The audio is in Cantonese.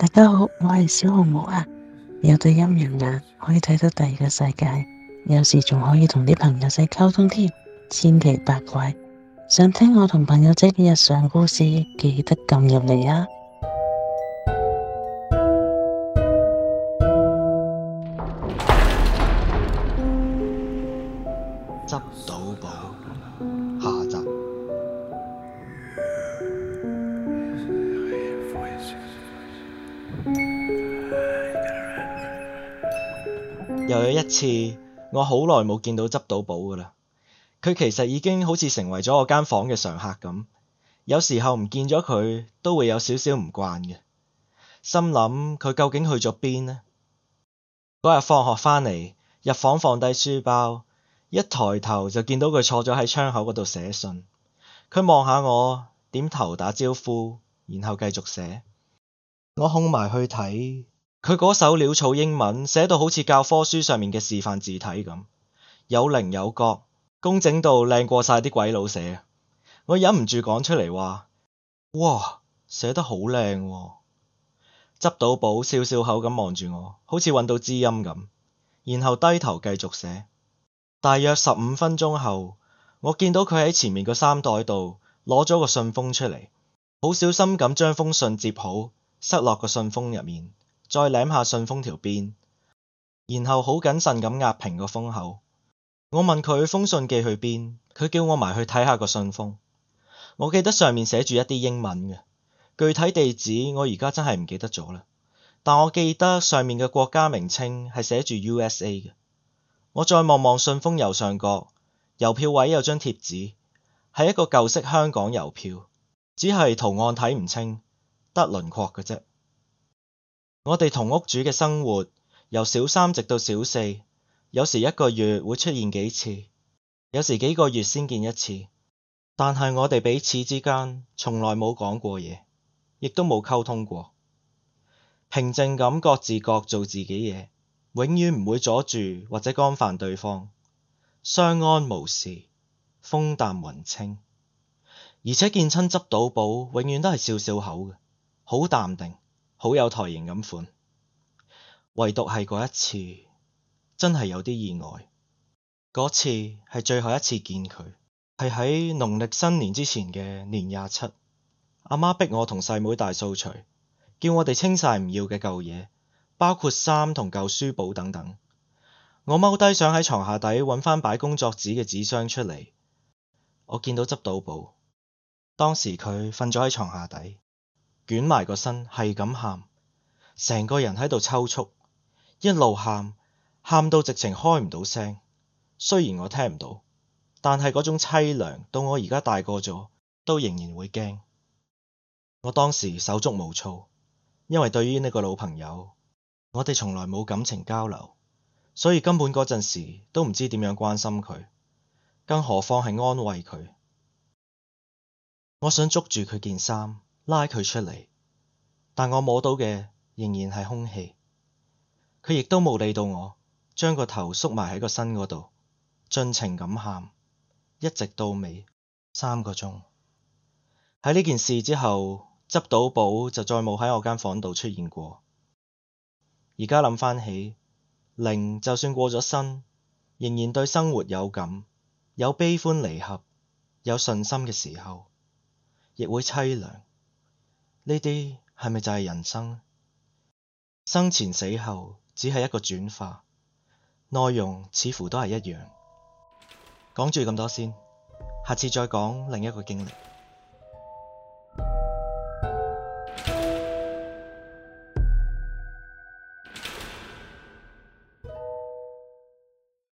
大家好，我係小紅帽啊，有對陰陽眼可以睇到第二個世界，有時仲可以同啲朋友仔溝通添，千奇百怪。想聽我同朋友仔嘅日常故事，記得撳入嚟啊！執到寶下集。又有一次，我好耐冇見到執到寶㗎喇。佢其實已經好似成為咗我間房嘅常客咁。有時候唔見咗佢，都會有少少唔慣嘅。心諗佢究竟去咗邊呢？嗰日放學返嚟，入房放低書包，一抬頭就見到佢坐咗喺窗口嗰度寫信。佢望下我，點頭打招呼，然後繼續寫。我哄埋去睇佢嗰手潦草英文，寫到好似教科書上面嘅示範字體咁，有棱有角，工整到靚過晒啲鬼佬寫。我忍唔住講出嚟話：哇，寫得好靚哦！執到寶笑笑口咁望住我，好似搵到知音咁。然後低頭繼續寫。大約十五分鐘後，我見到佢喺前面個衫袋度攞咗個信封出嚟，好小心咁將封信摺好。塞落個信封入面，再舐下信封條邊，然後好謹慎咁壓平個封口。我問佢封信寄去邊，佢叫我埋去睇下個信封。我記得上面寫住一啲英文嘅，具體地址我而家真係唔記得咗啦。但我記得上面嘅國家名稱係寫住 USA 嘅。我再望望信封右上角郵票位有張貼紙，係一個舊式香港郵票，只係圖案睇唔清。得輪廓嘅啫。我哋同屋主嘅生活，由小三直到小四，有時一個月會出現幾次，有時幾個月先見一次。但係我哋彼此之間從來冇講過嘢，亦都冇溝通過，平靜咁各自各做自己嘢，永遠唔會阻住或者干犯對方，相安無事，風淡雲清。而且見親執到寶永遠都係笑笑口嘅。好淡定，好有台型咁款。唯獨係嗰一次，真係有啲意外。嗰次係最後一次見佢，係喺農曆新年之前嘅年廿七。阿媽逼我同細妹大掃除，叫我哋清晒唔要嘅舊嘢，包括衫同舊書簿等等。我踎低想喺床下底搵翻擺工作紙嘅紙箱出嚟，我見到執到寶，當時佢瞓咗喺床下底。捲埋個身，係咁喊，成個人喺度抽搐，一路喊，喊到直情開唔到聲。雖然我聽唔到，但係嗰種淒涼到我而家大個咗，都仍然會驚。我當時手足無措，因為對於呢個老朋友，我哋從來冇感情交流，所以根本嗰陣時都唔知點樣關心佢，更何況係安慰佢。我想捉住佢件衫。拉佢出嚟，但我摸到嘅仍然係空氣。佢亦都冇理到我，將個頭縮埋喺個身嗰度，盡情咁喊，一直到尾三個鐘。喺呢件事之後，執到寶就再冇喺我間房度出現過。而家諗翻起，靈就算過咗身，仍然對生活有感，有悲歡離合，有信心嘅時候，亦會淒涼。呢啲係咪就係人生？生前死後只係一個轉化，內容似乎都係一樣。講住咁多先，下次再講另一個經歷。